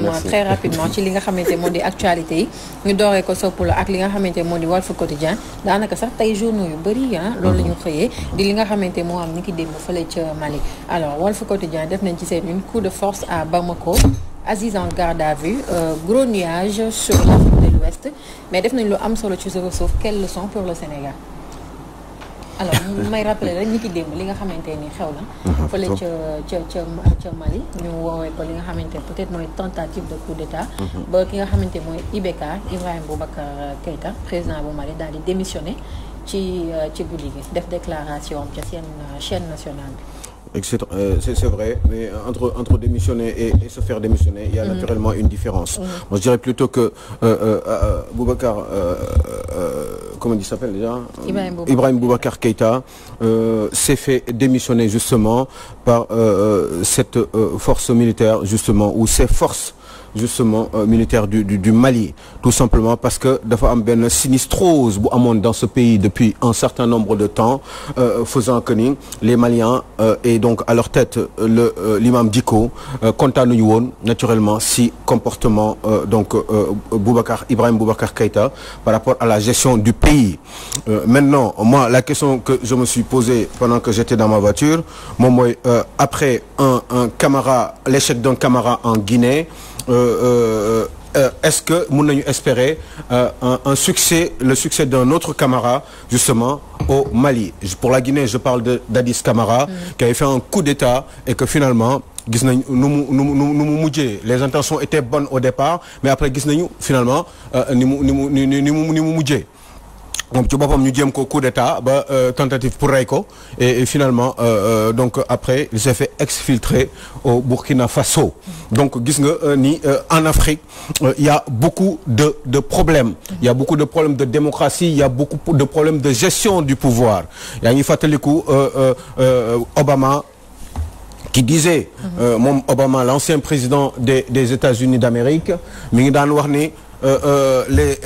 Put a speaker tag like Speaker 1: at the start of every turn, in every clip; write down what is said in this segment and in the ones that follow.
Speaker 1: également très
Speaker 2: rapidement ci li nga xamante moo di actualité yi ñu dooree ko soppula ak li nga xamante moo di Walf Quotidien daanaka sax tey journaux yu bëri ah loolu la ñu mhm. xëyee di li nga xamante moo am ni ki démb fële ca Mali alors Walf Quotidien def nañ ci seen une coup de force à Bamako Aziz en garde à vue euh, gros nuage sur l'Afrique de l'Ouest mais def nañ lu am solo ci sa suuf quelle leçon pour le Sénégal alors may rappeler rek ñi ki démb li nga xamante ni xew na. fale ca ca ca ca Mali ñu woowee li nga xamante ne peut-être mooy tentative de coup d'état. Mhm. ba ki nga xamante mooy IBK Ibrahim Boubacar Keïta président bu Mali daal di démissionné ci euh, ci guddi gis def déclaration am ca seen euh, nationale
Speaker 3: bi. et euh, c'est euh, c'est vrai mais entre entre démissionner et, et se faire démissionner il y a mmh. naturellement une différence mmh. moi je dirais plutôt que euh, euh, euh Boubacar euh, comment il s'appelle déjà Ibrahim Boubacar, Ibrahim Boubacar Keïta s'est fait démissionner justement par cette force militaire justement ou ces forces justement euh, militaire du, du du Mali tout simplement parce que dafa am benn sinistrose bu amoon dans ce pays depuis un certain nombre de temps euh, faisant que ni les Maliens euh, et donc à leur tête euh, le euh, l'imam Dicko kontaanuñu woon naturellement si comportement donc Boubacar Ibrahim Boubacar Keïta par rapport à la gestion du pays maintenant moi la question que je me suis posée pendant que j'étais dans ma voiture moom mooy après un un Camara l'échec d'un Camara en Guinée Euh, euh, euh, est-ce que mën nañu espérer un un succès le succès d'un autre Camara justement au Mali pour la Guinée je parle de Dadis Camara. Mm. qui avait fait un coup d'État et que finalement. gis nañ nu mu nu mu nu mu mujjee les intentions étaient bonnes au départ mais après gis nañu finalement ni mu ni mu ni mu ni mu mujjee. moom ci boppam ñu jéem ko coup d'état ba euh, tentative pour rey ko et finalement euh, euh, donc après il s'est fait exfiltrer au Burkina Faso donc gis nga ni en Afrique il y a beaucoup de de problèmes il y a beaucoup de problèmes de démocratie il y a beaucoup de problèmes de gestion du pouvoir Obama qui disait moom Obama l'ancien président des des États-Unis d'Amérique mi ngi daan wax ni les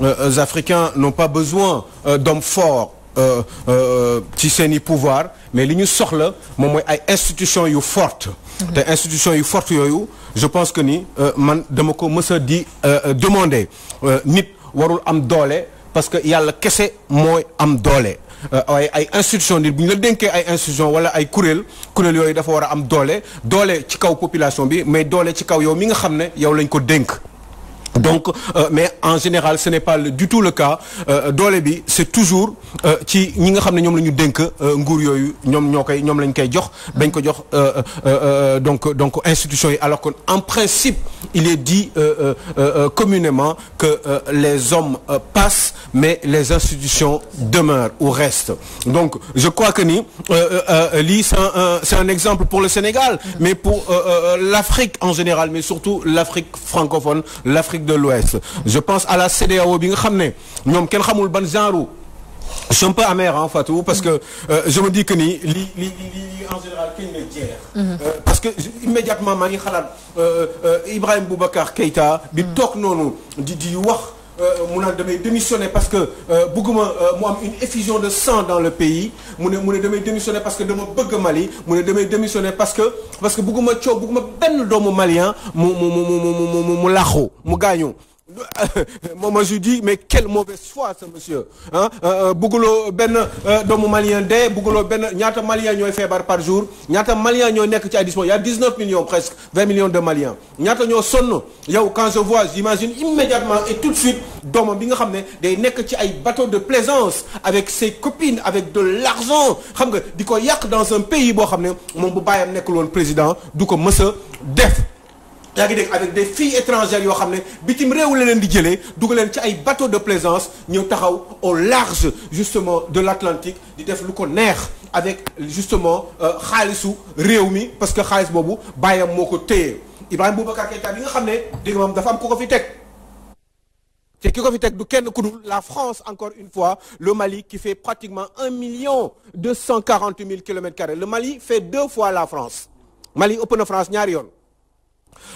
Speaker 3: Euh, les Africains n'ont pas besoin euh, d'hommes forts euh, ci seeni pouvoir mais li ñu soxla moom mooy ay institutions yu fortes. Mhm. te institutions yu yooyu je pense que ni man dama ko mës a di demander nit warul am doole parce que yàlla kese mooy am doole. waaye ay institution nit bu ñu la dénkee ay institution wala ay kuréel kuréel yooyu dafa war a am doole doole ci kaw population bi mais doole ci kaw yow mi nga xam ne yow lañ ko dénk. donc euh, mais en général ce n'est pas du tout le cas euh, doole bi c'est toujours euh, ci ñi nga xam ne ñoom la ñu dénk nguur yooyu ñoom ñoo koy ñoom la koy jox bañ ko jox donc donc institution yi alors que en principe il est dit euh, euh, communément que les hommes passent mais les institutions demeurent ou restent donc je crois que ni lii c'est un exemple pour le Sénégal mais pour l'Afrique en général mais surtout l'Afrique francophone l'Afrique de l'Ouest je pense à la CEDEAO bi nga xam ne ñoom kenn xamul ban genre je suis un peu amer en Fatou parce que euh, je me dis que ni li li li en mhm. euh, parce que immédiatement maa ngi xalaat euh, euh, Ibrahim Boubacar Keïta. bi mhm. toog noonu di di wax. Euh, mu naan damay démissionner parce que euh, bëgguma euh, mu am une effusion de sang dans le pays mu ne mu ne damay démissionner parce que dama bëgg Mali mu ne damay démissionner parce que parce que bëgguma coow bëgguma benn doomu malien mu mu mu mu mu mu mu laaxu mu gaañu. moi je dis mais quelle mauvaise foi ce monsieur ah bugguloo benn euh, doomu malien de bugguloo benn ñaata malien ñooy feebar par jour ñaata malien ñooy nekk ci ay dispo y a 19 millions presque 20 millions de maliens ñaata ñoo sonn yow quand je vois j'imagine immédiatement et tout de suite doomam bi nga xam ne day nekk ci ay bateau de plaisance avec ses copines avec de l'argent xam nga di ko yàq dans un pays boo xam ne moom bu bàyyam nekk loon président du ko mës a def yaa ngi dégg avec des filles étrangères yoo xam ne bitim réew la leen di jëlee dugg leen ci ay bateaux de plaisance ñëw taxaw au large justement de l'Atlantique di def lu ko neex avec justement euh, xaalisu réew mi parce que xaalis boobu bàyyam moo ko téye Ibrahima Boubacar Keïta bi nga xam ne dégg moom dafa am ku ko fi teg te ki ko fi teg du kenn ku dul la France encore une fois le Mali qui fait pratiquement un million deux cent quarante mille kilomètres carrés le Mali fait deux fois la France Mali ëpp France ñaari yoon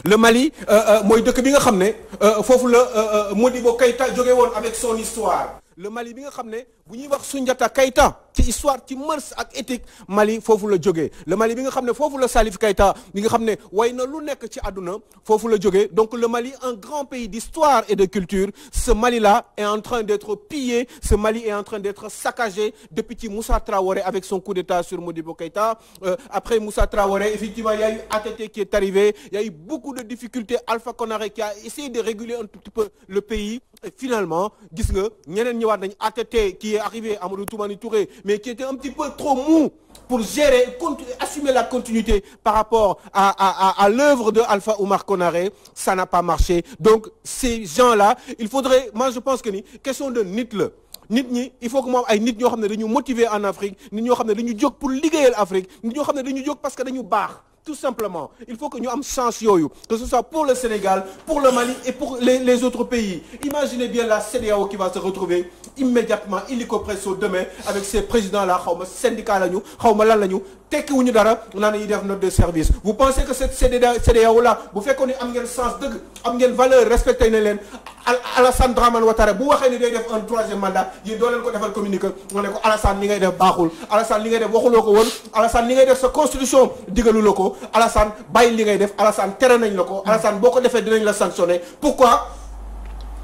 Speaker 3: le Mali euh, euh, mooy dëkk bi nga xam ne euh, foofu la Modibo Keïta jóge woon avec son histoire le Mali bi nga xam ne bu ñuy wax Soundiata Keïta ci histoire ci mœurs ak éthique Mali foofu la jógee le Mali bi nga xam ne foofu la Salif kayta bi nga xam ne way na lu nekk ci àdduna foofu la jógee donc le Mali un grand pays d'histoire et de culture ce Mali-là est en train d'être pillé ce Mali est en train d'être saccagé depuis ci Moussa Traoré avec son coup d'État sur Modibo Keïta euh, après Moussa Traoré effectivement il a eu ATT qui est arrivé il a eu beaucoup a essayé de réguler un tout petit et finalement gis nga ñeneen ñëwaat nañu ATT qui est arrivé Amadou Toumani Touré mais qui était un petit peu trop mou pour gérer continuer assumer la continuité par rapport à à à à l'œuvre de Alpha Oumar Konaré ça n'a pas marché donc ces gens-là il faudrait moi je pense que ni question de nit la nit ñi il faut que moom ay nit ñoo xam ne dañu motiver en Afrique nit ñoo xam ne dañu jóg pour liggéeyal Afrique nit ñoo xam ne dañu jóg parce que dañu baax tout simplement il faut que ñu am chance yooyu que ce soit pour le Sénégal pour le Mali et pour les les autres pays imaginez bien la CEDEAO qui va se retrouver immédiatement illico presso demain avec ces présidents là xaw ma syndicat la ñu xaw ma la ñu tekkiwuñu dara naan yi def note de service vous pensez que cette CEDEAO là bu fekkoon ni am ngeen sens dëgg am ngeen valeur respecté na leen Alassane Dramane Ouattara bu waxee ni day def un troisième mandat yéen doo leen ko defal communiqué nga ne ko Alassane li ngay def baaxul Alassane li ngay def waxuloo ko woon Alassane li ngay def sa constitution digalu la ko Alassane bàyyi li ngay def Alassane tere nañ la ko Alassane boo ko defee dinañ la sanctionner pourquoi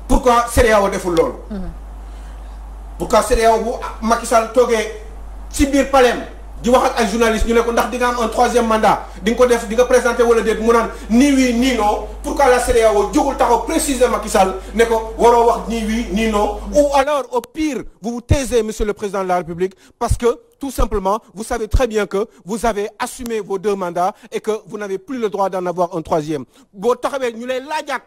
Speaker 3: pourquoi CEDEAO deful
Speaker 1: mm-hmm.
Speaker 3: biir palais di wax ak ay journalistes ñu ne ko ndax di nga am un troisième mandat di nga ko def di nga présenté wala déet mu naan nii oui ni non pourquoi la CEDEAO jógul taxaw préciser Macky Sall ne ko waroo wax nii oui nii non ou alors au pire vous vous taisez monsieur le président de la République parce que tout simplement vous savez très bien que vous avez assumé vos deux mandats et que vous n'avez plus le droit d'en avoir un troisième boo taxawee ñu lay laajaat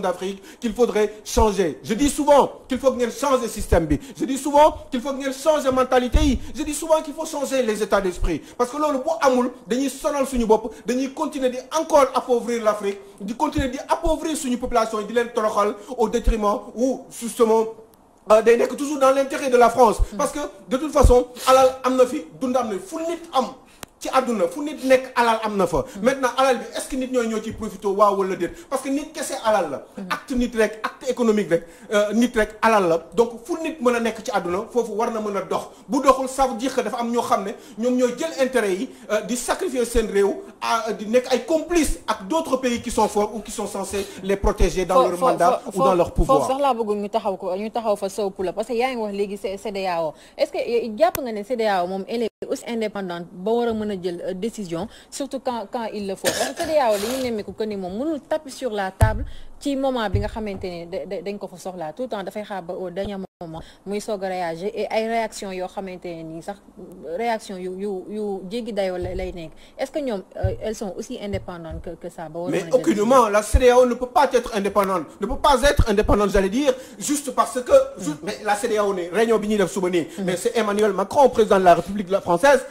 Speaker 3: d'Afrique qu'il faudrait changer je dis souvent qu'il faut que ngeen changer système bi je dis souvent qu'il faut que ngeen changer mentalité yi je dis souvent qu'il faut changer les états d'esprit parce que loolu bu amul dañuy sonal suñu bopp dañuy continuer di encore appauvrir l'Afrique di continuer di appauvrir suñu population yi di leen toroxal au détriment ou justement euh, day nekk toujours dans l'intérêt de la France mm. parce que de toute façon alal am na fi dund am na fu nit am ci àdduna fu nit nekk alal am na fa maintenant alal bi est-ce que nit ñooy ñoo ciy profité waaw wala déet parce que nit kese alal la acte nit rek acte économique rek euh, nit rek alal la donc fu nit mën a nekk ci àdduna foofu war na mën a dox bu doxul ça veut dire que dafa am ñoo xam ne ñoom ñooy jël intérêt yi euh, di sacrifier seen réew euh, di nekk ay complices ak d'autres pays qui sont forts ou qui sont censés les protéger dans leur mandat ou foofu sax
Speaker 2: laa bëggoon ñu ko ñu taxaw fa sow aussi indépendante ba war a mën a jël euh, décision surtout quand quand il le faut parce que CEDEAO dañuy nemmeeku que ni moom mënul taper sur la table ci moment bi nga xamante ne dañ ko fa soxlaa tout le temps dafay xaar ba au dernier moment muy soog a réagir et ay réaction yoo xamante ne nii sax réaction yu yu yu jéggi dayoo lay nekk est-ce que ñoom euh, elles sont aussi indépendantes que que ça. ba mais
Speaker 3: aucunement la CEDEAO ne peut pas être indépendante ne peut pas être indépendante j'allais dire juste parce que. Mm. juste mais la CEDEAO ne réunion bi ñuy def suba nii. Mm. mais c'est Emmanuel Macron président de la République française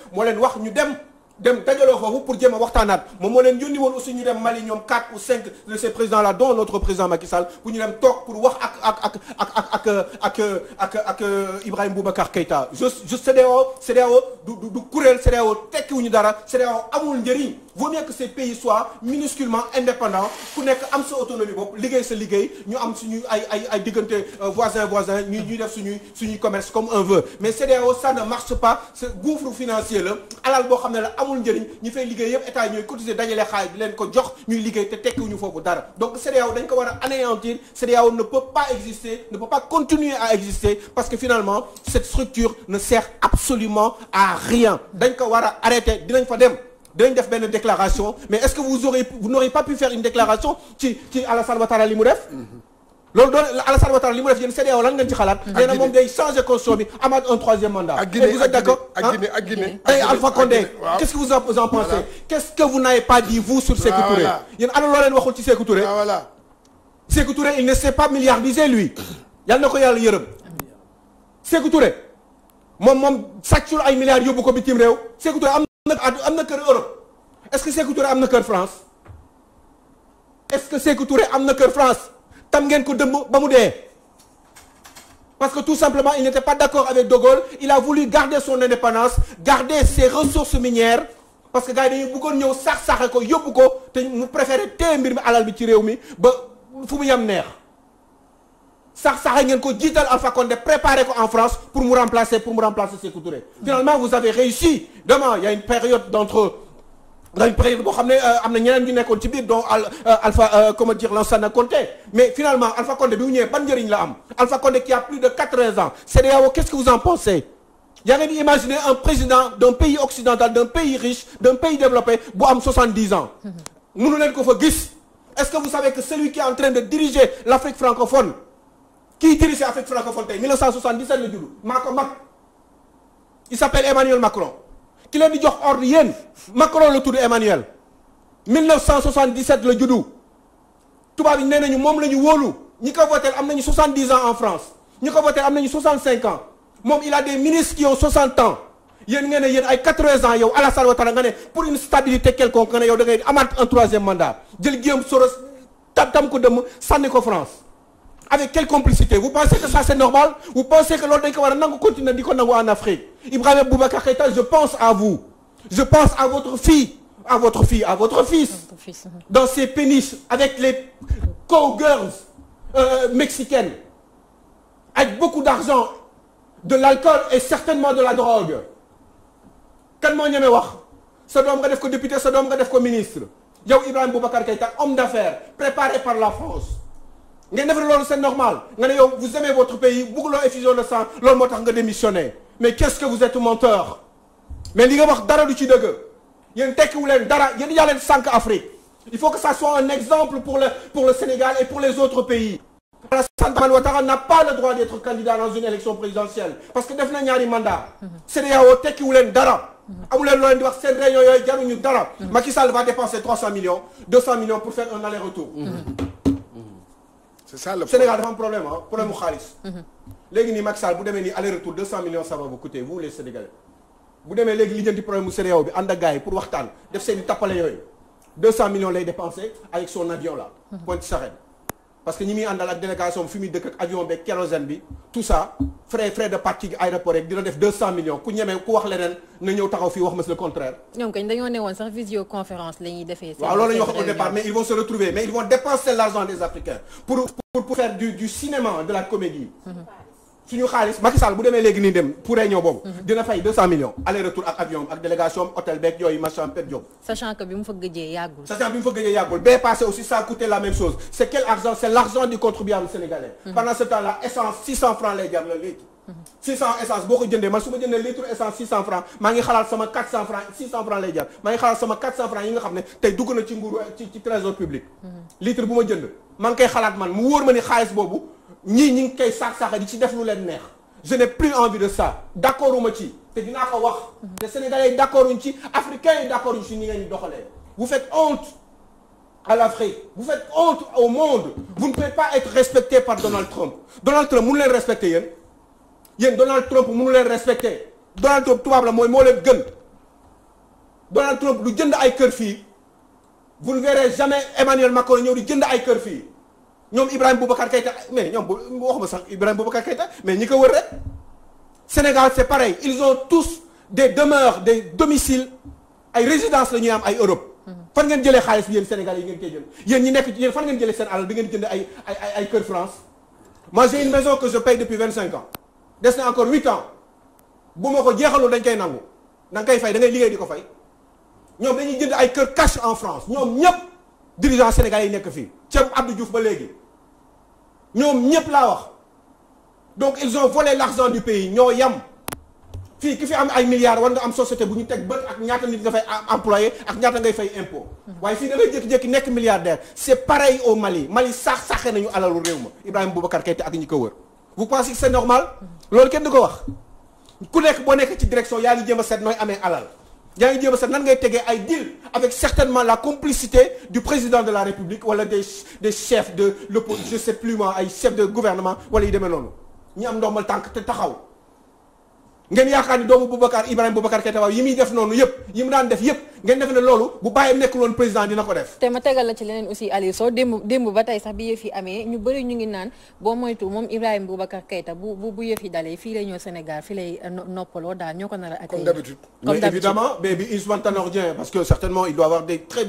Speaker 3: dem dajaloo foofu pour jéem a waxtaanaat moom moo leen yónni woon aussi ñu dem Mali ñoom 4 ou 5 de ces présidents là dont notre président Macky Sall ñu dem toog pour wax ak ak ak ak ak ak ak ak Ibrahima Boubacar Keïta je je CEDEAO o du du kuréel CEDEAO tekkiwuñu dara CEDEAO amul njëriñ. vaut nekk que ces pays soient minusculement indépendants ku nekk am sa autonomie bopp liggéey sa liggéey ñu am suñu ay ay ay diggante euh, voisin voisin ñu ñuy def suñuy suñuy commerce comme on veut mais CEDEAO ça ne marche pas ce gouffre financier la alal boo xam ne la amul njëriñ ñi fay liggéey yëpp état ñooy cotiser dajale xaalis bi leen ko jox ñuy liggéey te tekkiwuñu foofu dara donc CEDEAO dañ ko war a anéantir CEDEAO ne peut pas exister ne peut pas continuer à exister parce que finalement cette structure ne sert absolument à rien dañ ko war a arrêter dinañ fa dem dañ def benn déclaration mais est-ce que vous aurez vous n'aurez pas pu faire une déclaration ci ci Alassane Ouattara li mu def. loolu doon Alassane Ouattara li mu def yéen CEDEAO lan ngeen changer constitution bi amaat un troisième mandat. ak vous êtes d'accord qu'est-ce que vous en pensez. qu'est-ce que vous n'avez pas dit vous sur Sékou ah, il ne s'est pas milliardisé lui. yal na ko yàlla yërëm. Sékou Touré moom moom sàccul ay milliards yóbbu ko bitim réew Sékou am na kër Europe est-ce que Sékou am na kër France est-ce que Sékou Touré am na kër France tam ngeen ko dëmb ba mu dee parce que tout simplement il n'était pas d'accord avec De Gaulle il a voulu garder son indépendance garder ses ressources minières parce que gars yi dañu bëggoon ñëw sax saxe ko yóbbu ko te mu préféré te mbir mi alal bi ci réew mi ba fu mu yam neex sax sax ngeen ko jiital Alpha Condé préparé ko en France pour mu remplacer pour mu finalement vous avez réussi demain il y a une période d'entre dans une période boo xam ne euh, am na ñeneen ñu nekkoon ci biir donc euh, Alpha euh, comment dire Lansana Conté mais finalement Alpha Condé bi mu ñëwee la am Alpha Condé qui a plus de quatre-vingts ans CEDEAO quest développé bu mm-hmm. ko fa gis est-ce que vous savez que celui qui est en train de diriger l'Afrique francophone kii dirige Afrique francophone tey 1977 la judd maa ko mag il s'appelle Emmanuel Macron ki leen di jox ordre yéen Macron la tudd Emmanuel 1977 la judd tubaab yi nee nañu moom la ñu wóolu ñi ko voté am nañu 70 ans en France ñi ko voté am nañu 65 ans moom il a des ministres qui ont 60 ans yéen ngeen ne yéen ay 80 ans yow Alassane Ouattara nga ne pour une stabilité quelconque nga ne yow da ngay amaat un troisième mandat jël Guillaume ko dem sànni ko France. avec quelle complicité vous pensez que ça c'est normal vous pensez que loolu dañ ko war a nangu en Afrique Ibrahima Boubacar Keïta je pense à vous je pense à votre fille à votre fille à votre fils uh-huh. dans ces péniches avec les cowgirls euh, mexicaines avec beaucoup d'argent de l'alcool et certainement de la drogue kan moo ñemee wax sa doom nga def ko député sa doom nga def ko ministre yow Ibrahima Boubacar Keïta homme d'affaires préparé par la France ngeen def loolu c'est normal nga ne yow vous aimez votre pays bëgguloo effusion de sang loolu moo tax nga démissionné mais qu'est-ce que vous êtes menteur mais li nga wax dara du ci dëgg yéen tekkiwu leen dara yéen yaa leen sànq Afrique il faut que ça soit un exemple pour le pour le Sénégal et pour les autres pays Alassane Dramane n'a pas le droit d'être candidat dans une élection présidentielle parce que def na ñaari mandat CEDEAO tekkiwu leen dara amu leen loo leen di wax seen réunion yooyu jaruñu c'est ça le Sénégal dafa am problème ah problème mu xaalis. Mhm. léegi nii Macky Sall bu demee nii aller retour 200 millions ça va vous coûter vous bu demee léegi lijjanti problème mu CEDEAO bi ànd pour waxtaan def seen i tappale yooyu 200 millions lay dépensé avec son avion là. Mhm. Pointe Sarène. parce que ñi muy àndal ak délégation fi muy dëkk avion beeg kérosène bi tout ça frais frais de partie aéroport rek dina def millions ku ñeme ku wax leneen na ñëw taxaw fii wax ma si le contraire.
Speaker 2: ñoom kañ dañoo newoon sax visioconférence la ñuy defee. waaw loolu la ñuy wax au départ mais
Speaker 3: ils vont se retrouver mais ils vont dépenser l'argent des Africains pour pour faire du cinéma de la comédie. Mm-hmm. suñu xaalis Macky Sall bu demee léegi nii dem pour réunion boobu. Mhm. dina fay 200 millions aller retour ak avion ak délégation hôtel beeg yooyu machin per job.
Speaker 2: sachant que bi mu fa gëjee yàggul. sachant
Speaker 3: bi mu fa gëjee yàggul bee passé aussi ça a la même chose c' quel argent c' est l' argent du contribuable sénégalais. Mhm. pendant ce temps là essence 600 francs lay jar le litre. 600 essence boo ko jëndee man su ma jëndee litre essence 600 ñii ñi ngi koy saax-saaxa di ci def lu leen neex je n'ai plus envie de ça d'accord ma ci te dinaa ko wax te sénégalais yi d'accord uñ ci africains yi d'accord uñ ci ñi ngeen doxalee vous faites honte à l'Afrique vous faites honte au monde vous ne pouvez pas être respecté par Donald Trump Donald Trump mënu leen respecté yéen yéen Donald Trump mënu leen respecté Donald Trump tubaab la mooy moo leen gën Donald Trump du jënd ay kër fii vous ne verrez jamais Emmanuel Macron ñëw di jënd ay kër fii ñoom Ibrahima Boubacar Keita mais ñoom bu waxuma sax Ibrahima Boubacar Keita mais ñi ko wër rek Sénégal c'est pareil ils ont tous des demeures des domiciles ay résidences la ñuy am ay Europe. Mhm. fan ngeen jëlee xaalis bi yéen Sénégal yi ngeen koy ñi nekk yéen fan ngeen jëlee seen alal bi ngeen jënd ay ay ay kër France. moi j'ai une maison que je paye depuis vingt cinq ans des na huit ans bu ma ko jeexalul dañ koy nangu da nga fay da ngay liggéey di ko fay ñoom dañuy jënd ay kër cash en France ñoom ñëpp dirigeants sénégalais yi nekk fii ca Abdou Diouf ba léegi. ñoom ñëpp laa wax donc ils ont volé l'argent du pays ñoo yam fii ki fi am ay milliards war nga am société bu ñu teg bët ak ñaata nit nga fay employé ak ñaata ngay fay impôt waaye fii da ngay jékki jëkki nekk milliardaire c'est pareil au Mali Mali sax saxee nañu alalu réew ma Ibrahima Boubacar Keïta ak ñi ko wër vous pensez que c'est normal loolu kenn di ko wax ku nekk boo nekk ci direction yaa ngi jéem a seet nooy amee alal yaa ngi jéem a sax nan ngay tegee ay deal avec certainement la complicité du président de la république wala des des chefs de l'opposition je sais plus moi ay chefs de gouvernement wala yu demee noonu ñi am ndombal tànk te taxaw ngeen yaakaar ni doomu Boubacar Ibrahima Boubacar Keita waaw yi muy def noonu yëpp yi mu daan def yëpp ngeen def ne loolu bu bàyyam nekkul woon président dina ko def.
Speaker 2: te ma tegal la ci leneen aussi Aliou Sow démb ba tey sax bi yëf yi amee ñu bëri ñu ngi naan boo moytu moom Ibrahima Boubacar Keita bu yëf yi dalee fii lay ñëw Sénégal fii lay euh, noppaloo daal ñoo ko nar a. comme d'habitude
Speaker 3: mais bi Ousmane Tanor parce que certainement il doit avoir des très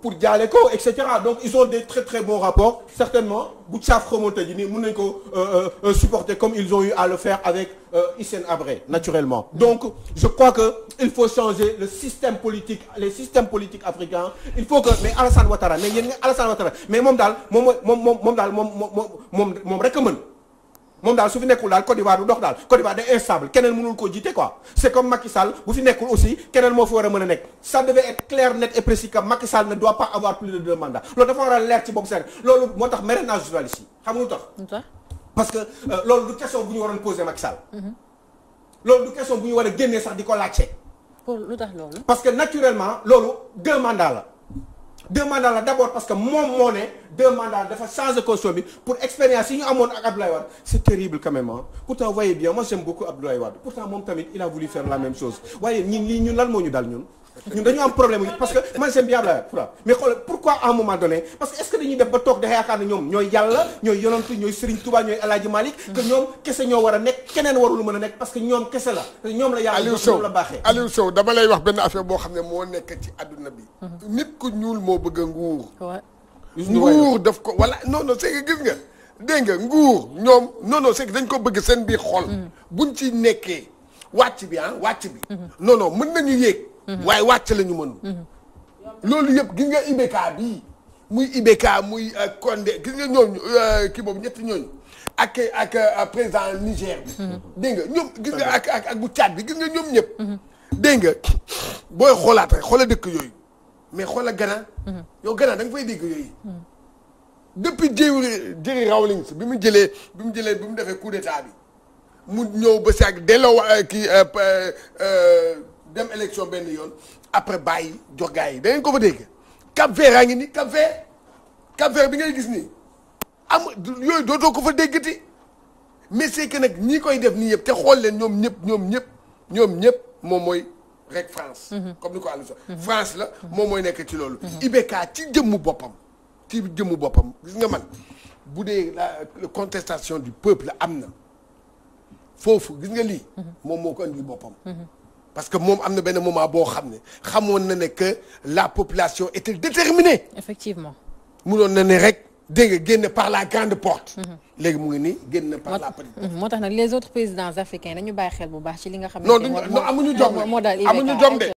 Speaker 3: pour jaale ko et cetera donc ils ont des très très bons rapports certainement bu caaf xamante ji nii mën nañ ko euh, euh, euh, supporter comme ils ont eu à le faire avec Hissène Habré naturellement donc je crois que il faut changer le système politique les systèmes politiques africains il faut que mais Alassane mais yéen nga Alassane Ouattara moom daal moom moom moom moom moom moom moom moom rek a mën moom daal su fi nekkul daal Côte d'Ivoire du dox daal Côte instable keneen mënul koo jiite quoi c'est comme Macky bu fi nekkul aussi keneen moo fi war a mën a nekk ça devait être clair net et précis que Macky doit pas avoir plus de deux mandats loolu dafa war a leer ci bopp seen loolu moo tax mérénage journaliste yi xam nga tax parce que euh, loolu du question bu ñu waroon poser Macky mm-hmm. loolu du question bu ñu war a génnee sax di ko laajte pour lu tax loolu parce que naturellement loolu deux mandats la deux mandats la d' abord parce que moom moo ne deux mandats dafa changer constitution bi pour expérience yi ñu amoon ak Abdoulaye Wade c' est terrible quand même ah pourtant voyez bien moi j'aime beaucoup Abdoulaye Wade pourtant moom tamit il a voulu faire la même chose waaye ñun lii lan moo ñu dal ñun. ñun dañu am problème parce que man seen bi yàlla la mais xoolal pourquoi à un moment donné parce que est-ce que dañuy def ba toog da yaakaar ne ñoom ñooy yàlla ñooy yonantu ñooy Serigne Touba ñooy El Hadj Malick que ñoom kese
Speaker 1: ñoo war a nekk keneen warul mën a nekk parce que ñoom kese la ñoom la yàlla ñoom la dama lay wax benn affaire boo xam ne moo nekk ci àdduna bi nit ku ñuul moo bëgg a nguur nguur daf ko wala non non c'est gis nga dégg nguur ñoom non dañ ko bëgg seen biir xol mm. buñ ci nekkee wàcc bi ah wàcc bi mm-hmm. non non mën nañu yéeg Mhm. waaye wàcc lañu ñu mhm. loolu yëpp gis nga IBK bii muy IBK muy euh, Condé gis nga ñooñu euh, kii boobu ñetti ñooñu ak ak euh, président Niger bi mhm. dégg nga ñoom gis nga ak ak ak bu Tchad bi gis nga ñoom ñëpp dégg nga booy xoolaat rek xoola dëkk yooyu mais xoola gana yow Ghana da nga fay dégg yooyu depuis Jerry Jerry Rawlings bi mu jëlee bi mu jëlee bi mu defee coup d'état bi mu ñëw ba si ak delloo kii dem élection benn yoon après bàyyi jox gars yi da ngeen ko fa dégg Cap Vert ngi ni Cap Vert Cap Vert bi ngay gis nii am yooyu dootoo ko fa déggati mais c'est que nag ñi koy def nii yëpp te xool leen ñoom ñëpp ñoom ñëpp ñoom ñëpp moom mooy rek France. Mhm. comme ni ko Aliou sax mhm. France la moom mooy nekk ci loolu. Mhm. IBK ci jëmmu boppam ci jëmmu boppam gis nga man bu dee la contestation du peuple am na foofu gis nga lii. moom moo ko andi boppam. parce que moom am na benn moment boo xam ne xamoon na ne que la population était déterminée. effectivement munoon na ne rek. dégg nga génn par la grande porte. Mhm. léegi mu ngi nii génn par la petite porte.
Speaker 2: Mhm. les autres présidents africains dañu bàyyi xel bu baax ci li nga xam ne. non non amuñu jom de amuñu de.